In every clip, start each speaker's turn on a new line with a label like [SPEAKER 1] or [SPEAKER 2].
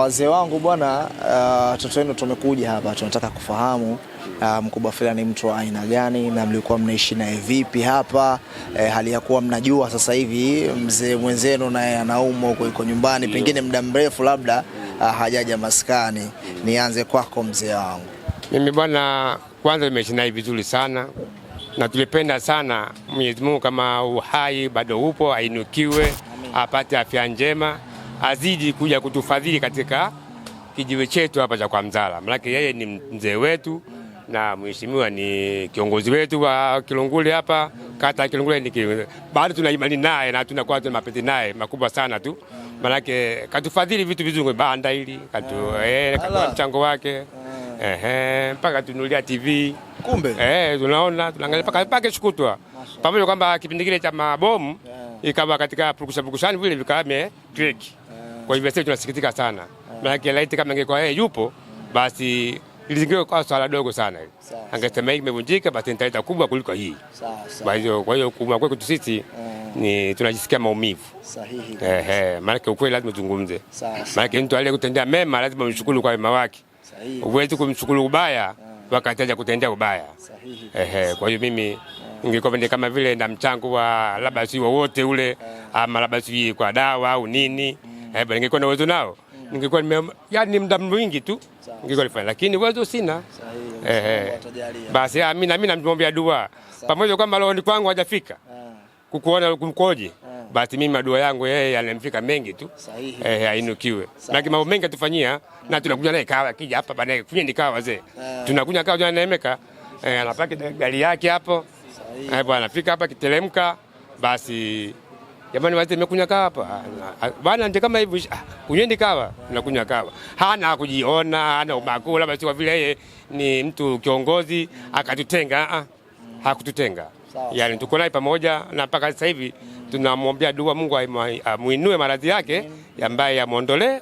[SPEAKER 1] Wazee wangu bwana, uh, watoto uh, wenu tumekuja hapa, tunataka kufahamu uh, mkubwa Fella ni mtu wa aina gani na mlikuwa mnaishi naye vipi hapa eh, hali ya kuwa mnajua sasa hivi mzee mwenzenu naye anaumwa huko, yuko nyumbani pengine muda mrefu, labda uh, hajaja maskani. Nianze kwako mzee wangu.
[SPEAKER 2] Mimi bwana, kwanza nimeishi naye vizuri sana na tulipenda sana. Mwenyezi Mungu kama uhai bado upo, ainukiwe apate afya njema azidi kuja kutufadhili katika kijiwe chetu hapa cha kwa Mzala, Maanake yeye ni mzee wetu na mheshimiwa ni kiongozi wetu wa Kilungule hapa kata ya Kilungule, ni bado tuna imani naye na tunakuwa tuna mapenzi naye makubwa sana tu, maanake katufadhili vitu vizuri, banda hili katu yeah. eh, mchango wake yeah. ehe, mpaka tunulia TV kumbe, eh, tunaona tunaangalia mpaka Pake shukutwa pamoja kwamba kipindi kile cha mabomu yeah ikawa katika purukushapurukushani vile vikawa me click eh. Kwa hivyo sisi tunasikitika sana, maanake laiti kama ingekuwa yeye yupo basi ilizingirwa kwa swala dogo sana hili. Angesema hii imevunjika basi nitaleta kubwa kuliko hii. Kwa hiyo kwa hiyo kwa kwetu sisi eh. ni tunajisikia maumivu. Sahihi. Eh eh, maana kweli lazima tuzungumze. Maana mtu aliyekutendea mema lazima umshukuru kwa wema wake. Sahihi. uwezi kumshukuru ubaya eh. wakati aje kutendea ubaya. Sahihi. Eh eh, kwa hiyo mimi ingekuwa kama vile na mchango wa labda si wowote ule eh. ama labda si kwa dawa au nini, mm. Eh, ningekuwa na uwezo nao ningekuwa nime yani muda mwingi tu ningekuwa nifanya, lakini uwezo sina. Eh, eh. basi ah, mimi na mimi namwombea dua pamoja kwamba roho ni kwangu hajafika ah. kukuona kumkoje, ah. basi mimi madua yangu yeye yanamfika mengi tu eh, ainukiwe. Na mambo mengi atufanyia na tunakunywa naye kawa, akija hapa baadaye kunywa ni kawa wazee, tunakunywa kawa tunaneemeka, eh, anapaki gari yake hapo Eh bwana, fika hapa kiteremka basi. Jamani wazee mmekunywa kawa hapa? Ah, bwana ndio kama hivyo. Ah, Kunywendi kawa, nakunywa kawa. Hana kujiona, hana ubakula basi kwa vile yeye ni mtu kiongozi akatutenga. Ah, ah. hakututenga. Yaani tuko naye pamoja na mpaka sasa hivi tunamwombea dua Mungu amuinue maradhi yake ambaye yamwondolee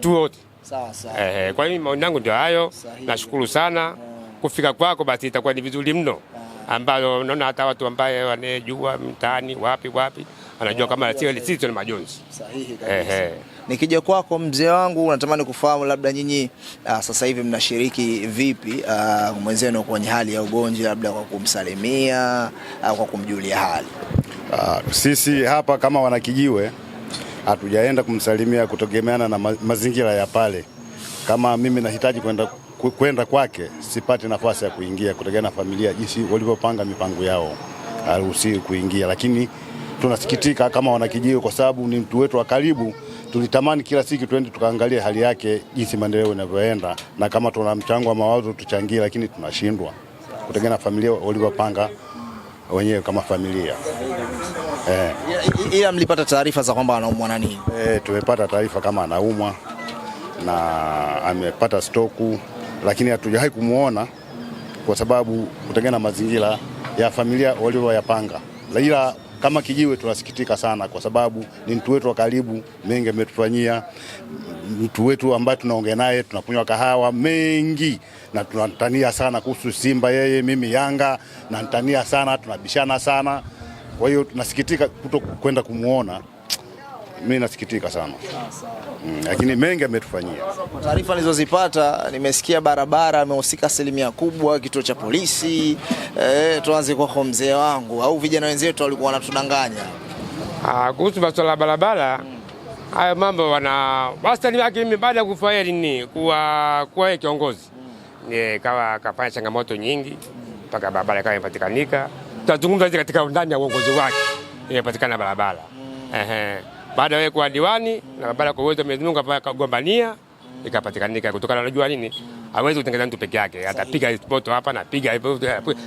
[SPEAKER 2] tu wote. Sawa sawa. Eh, eh, kwa hiyo maoni yangu ndio hayo. Nashukuru sana eh. kufika kwako, basi itakuwa ni vizuri mno ambayo naona hata watu ambaye wanejua mtaani wapi wapi anajua kama sisi tuna majonzi. Sahihi kabisa.
[SPEAKER 1] Nikija kwako mzee wangu, natamani kufahamu labda nyinyi ah, sasa hivi mnashiriki vipi ah, mwenzenu kwenye hali ya ugonjwa, labda kwa kumsalimia au ah, kwa kumjulia hali?
[SPEAKER 3] Uh, sisi hapa kama wanakijiwe hatujaenda kumsalimia kutegemeana na mazingira ya pale. Kama mimi nahitaji kwenda kwenda kwake sipate nafasi ya kuingia kutegemea na familia jinsi walivyopanga mipango yao, haruhusiwi kuingia. Lakini tunasikitika kama wanakijiwe, kwa sababu ni mtu wetu wa karibu. Tulitamani kila siku tuende tukaangalie hali yake jinsi maendeleo yanavyoenda, na kama tuna mchango wa mawazo tuchangie, lakini tunashindwa kutegemea na familia walivyopanga wenyewe kama familia
[SPEAKER 1] eh. Ila mlipata taarifa za kwamba anaumwa nani?
[SPEAKER 3] Eh, tumepata taarifa kama anaumwa na amepata stoku lakini hatujawahi kumwona kwa sababu kutengana na mazingira ya familia walioyapanga. Ila kama kijiwe tunasikitika sana, kwa sababu ni mtu wetu wa karibu, mengi ametufanyia, mtu wetu ambaye tunaongea naye, tunakunywa kahawa mengi, na tunatania sana kuhusu Simba, yeye mimi Yanga, namtania sana, tunabishana sana. Kwa hiyo tunasikitika kuto kwenda kumwona mimi nasikitika sana mm, lakini mengi ametufanyia.
[SPEAKER 1] Taarifa nilizozipata nimesikia barabara amehusika asilimia kubwa, kituo cha polisi eh, tuanze kwako mzee wangu, au vijana wenzetu walikuwa wanatudanganya
[SPEAKER 2] ah, kuhusu masuala ya barabara hayo mambo wana wastani wake. Mimi baada ya kufanya nini kuwa kuwa kiongozi ni kawa kafanya changamoto nyingi mpaka barabara kawa imepatikanika. Tutazungumza katika undani ya uongozi wake imepatikana barabara ehe baada ya kuwa diwani na baada ya uwezo Mwenyezi Mungu akagombania ikapatikanika, kutokana na jua nini, hawezi kutengeneza mtu peke yake, atapiga poto hapa na piga hivyo,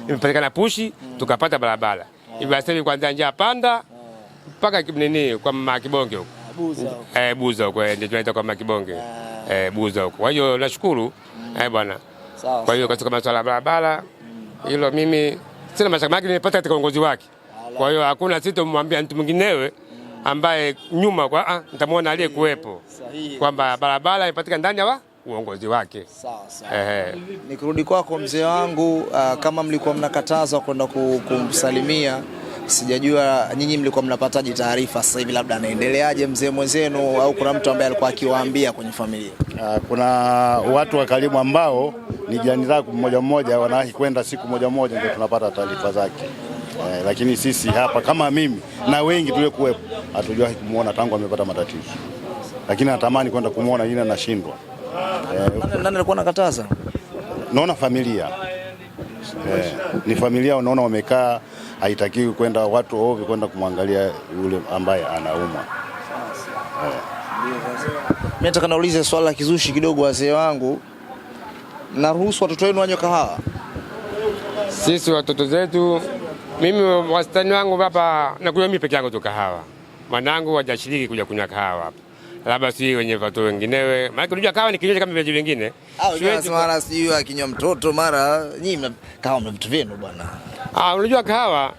[SPEAKER 2] imepatikana pushi, tukapata barabara mm. hivi. Sasa hivi kuanzia njia panda mm. mpaka nini kwa mama Kibonge ah, huko eh, Buza huko eh, ndio tunaita kwa mama Kibonge ah. eh, Buza huko. Kwa hiyo nashukuru mm. eh bwana. Sawa. Kwa hiyo katika masuala ya barabara hilo mimi sina mashaka, nimepata katika uongozi wake. Kwa hiyo hakuna sitomwambia mtu mwingine wewe ambaye nyuma kwa ah, nitamwona aliyekuwepo kwamba barabara imepatikana ndani ya uongozi wake. Sawa sawa.
[SPEAKER 1] Nikirudi kwako mzee wangu, uh, kama mlikuwa mnakatazwa kwenda kumsalimia sijajua nyinyi mlikuwa mnapataje taarifa sasa hivi, labda anaendeleaje mzee mwenzenu, au kuna mtu ambaye alikuwa akiwaambia kwenye familia?
[SPEAKER 3] Ah, kuna watu wa karibu ambao ni jirani zangu mmoja mmoja, wanawahi kwenda siku moja moja, ndio tunapata taarifa zake eh, lakini sisi hapa kama mimi na wengi tuliokuwepo hatujawahi kumwona tangu amepata matatizo, lakini natamani kwenda kumwona ila nashindwa.
[SPEAKER 1] Eh, nani alikuwa anakataza?
[SPEAKER 3] Naona familia eh, ni familia, unaona wamekaa, haitakiwi kwenda watu ovyo kwenda kumwangalia yule ambaye anaumwa eh.
[SPEAKER 1] Mimi nataka naulize swala la kizushi kidogo, wazee wangu, naruhusu watoto wenu wanywe kahawa?
[SPEAKER 2] Sisi watoto zetu mimi wastani wangu hapa nakunywa mimi peke yangu tu kahawa, mwanangu wajashiriki kuja kunywa kahawa hapa, labda si wenye watu wenginewe, maana kunywa kahawa ni kinywaji kama vile vingine.
[SPEAKER 1] Ah, mara si sijui akinywa mtoto, mara nyinyi mna kahawa mna vitu vyenu bwana.
[SPEAKER 2] Ah, unajua kahawa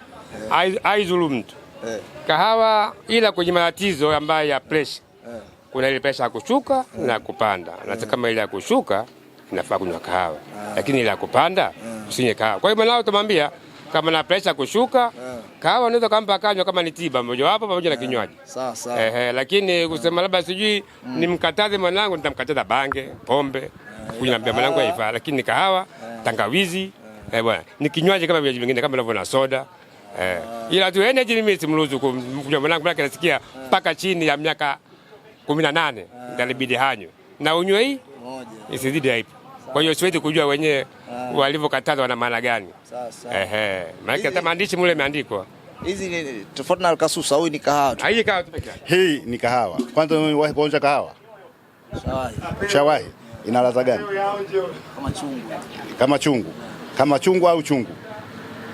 [SPEAKER 2] haizulumu mtu eh. kahawa, ila kwenye matatizo ambayo ya pressure eh. kuna ile presha ya kushuka eh. na kupanda, na kama ile ya kushuka inafaa kunywa kahawa, ah. lakini ile ya kupanda usinywe kahawa. Kwa hiyo mwanao utamwambia kama na pressure kushuka, yeah. kawa unaweza kampa kanywa kama ni tiba mmoja wapo pamoja yeah. na eh. kinywaji. sawa sawa eh, eh, lakini yeah. kusema labda sijui mm. nimkataze mwanangu, nitamkataza bange, pombe, eh, yeah. kunyambia mwanangu haifa, lakini kahawa, yeah. tangawizi yeah. eh bwana, ni kinywaji kama vinywaji vingine kama na soda. yeah. Eh, ah. ila tu energy limit mruhusu kunywa mwanangu, maana nasikia eh. mpaka yeah. chini ya miaka 18 ndio inabidi hanywe na unywe hii moja isizidi haipo. Kwa hiyo siwezi kujua wenyewe ah. walivyokataza wana maana gani. Ehe, maana hata maandishi mule imeandikwa
[SPEAKER 1] hizi ni tofauti na kasusa. Huyu ni kahawa tu,
[SPEAKER 2] ah, hii kahawa tu pekee
[SPEAKER 3] Hii ni kahawa. Kwanza umewahi kuonja kahawa? Shawahi. Shawahi. Ina ladha gani? Kama chungu. Kama chungu. Kama chungu au chungu?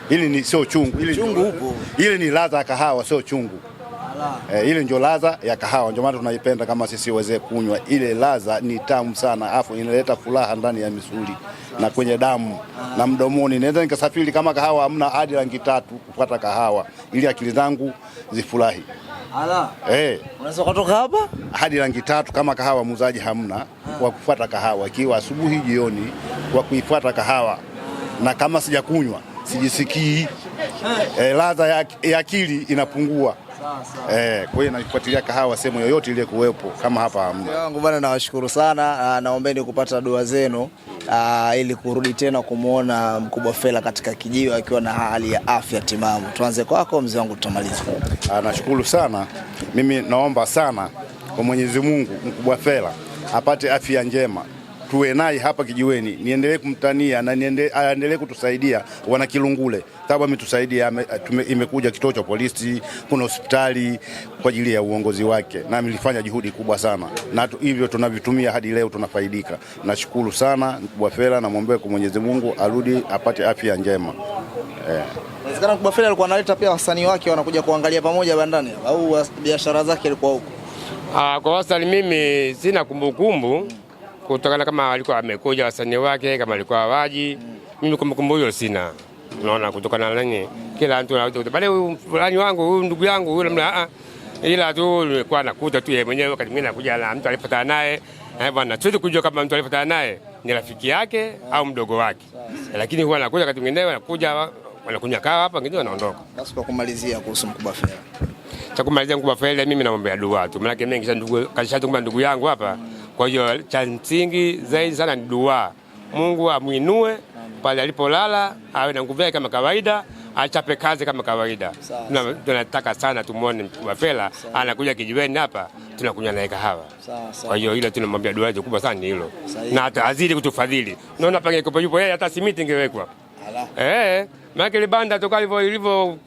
[SPEAKER 3] Hili ni sio chungu. hili chungu Hili ni ladha ya kahawa, sio chungu. Eh, ile ndio ladha ya kahawa, ndio maana tunaipenda kama sisi wazee kunywa. Ile ladha ni tamu sana, afu inaleta furaha ndani ya misuli na kwenye damu Aha. na mdomoni. Naweza nikasafiri kama kahawa amna hadi rangi tatu kupata kahawa ili akili zangu zifurahi. Ala. Eh.
[SPEAKER 1] Unaweza kutoka hapa
[SPEAKER 3] hadi rangi tatu kama kahawa muuzaji hamna kwa ah. kufuata kahawa, ikiwa asubuhi, jioni, kwa kuifuata kahawa, na kama sijakunywa sijisikii eh, eh ladha ya akili inapungua. Eh, kwa hiyo nafuatilia kahawa sehemu yoyote ile kuwepo kama hapa hamna.
[SPEAKER 1] Wangu bwana, nawashukuru sana, ah, naombeni kupata dua zenu ah, ili kurudi tena kumwona mkubwa Fela katika kijiwe akiwa na hali ya afya timamu. Tuanze kwako mzee wangu, tutamaliza.
[SPEAKER 3] Ah, nashukuru sana, mimi naomba sana kwa Mwenyezi Mungu mkubwa Fela apate afya njema tuwe naye hapa kijiweni, niendelee kumtania na aendelee kutusaidia wana Kilungule sababu ametusaidia, imekuja kituo cha polisi, kuna hospitali kwa ajili ya uongozi wake, na amelifanya juhudi kubwa sana, na hivyo tunavitumia hadi leo tunafaidika. Nashukuru sana Bwafela, namwombea kwa Mwenyezi Mungu arudi apate afya njema
[SPEAKER 1] eh. Inawezekana Bwafela alikuwa analeta pia wasanii wake wanakuja kuangalia pamoja bandani au biashara zake alikuwa huko.
[SPEAKER 2] Ah, kwa wasanii mimi sina kumbukumbu kumbu kutokana kama alikuwa amekuja wasanii wake kama alikuwa waji mm. Mimi kumbukumbu hiyo sina, unaona, kutokana na nani, kila mtu anaweza bale huyu fulani wangu huyu ndugu yangu huyu namna, a ah, ila tu nilikuwa nakuta tu yeye mwenyewe, wakati mwingine anakuja na mtu alipatana naye eh, bwana, siwezi kujua kama mtu alipatana naye ni rafiki yake au mdogo wake, lakini huwa anakuja wakati mwingine anakuja wanakunywa kawa hapa, ngine wanaondoka.
[SPEAKER 1] Basi kwa kumalizia, kuhusu Mkubwa Fela
[SPEAKER 2] cha kumalizia Mkubwa Fela mimi naomba dua tu, maana yake mengi sana, ndugu kashatunga ndugu yangu hapa mm. Kwa hiyo cha msingi zaidi sana ni dua, Mungu amwinue pale alipolala, awe na nguvu kama kawaida, achape kazi kama kawaida. Tunataka sana tumwone Mafela anakuja kijiweni hapa, tunakunywa naye kahawa. Kwa hiyo hilo tunamwambia dua yetu kubwa sana ni hilo, na azidi kutufadhili. Naona pale yupo yeye, hata simiti ingewekwa eh, maana ile banda toka ilivyo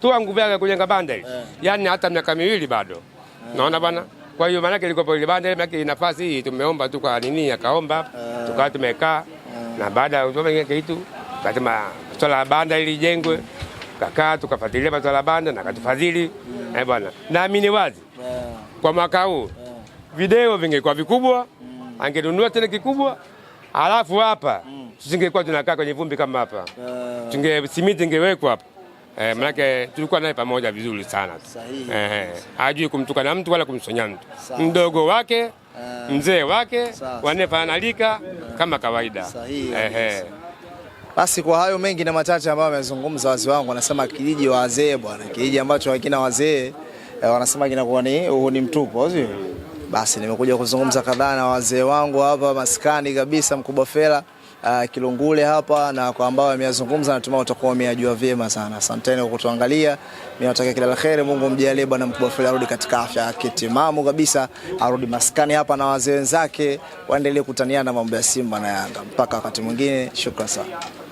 [SPEAKER 2] tu nguvu yake kujenga banda hili, eh. yaani hata miaka miwili bado, eh. naona bwana kwa hiyo maanake ilikuwa ile banda ile maana nafasi hii tumeomba tu kwa nini akaomba tukawa tumekaa na baada ya kuomba kitu katima swala banda ili jengwe kakaa tukafuatilia maswala banda na katufadhili eh bwana. Naamini wazi kwa mwaka huu video vingekuwa vikubwa angenunua tena kikubwa halafu hapa tusingekuwa mm. tunakaa kwenye vumbi kama hapa. Tunge simiti ingewekwa hapa eh, manake tulikuwa naye pamoja vizuri sana eh, hajui na mtu wala kumsonya mtu, mdogo wake eh. mzee wake wanaefanana lika kama kawaida eh, eh.
[SPEAKER 1] Basi kwa hayo mengi na machache ambayo wamezungumza wazee wangu, wanasema kijiji wazee bwana, kijiji ambacho hakina wazee eh, wanasema kinakuwa ni uhuni mtupu, sio? Basi nimekuja kuzungumza kadhaa na wazee wangu hapa maskani kabisa, mkubwa Fela uh, Kilungule hapa na kwa ambao wameyazungumza, natumai utakuwa umeyajua vyema sana. Asanteni kwa kutuangalia, mimi natakia kila la kheri. Mungu mjalie bwana mkubwa Feli arudi katika afya yake timamu kabisa, arudi maskani hapa na wazee wenzake waendelee kutaniana mambo ya Simba na Yanga. Mpaka wakati mwingine, shukrani sana.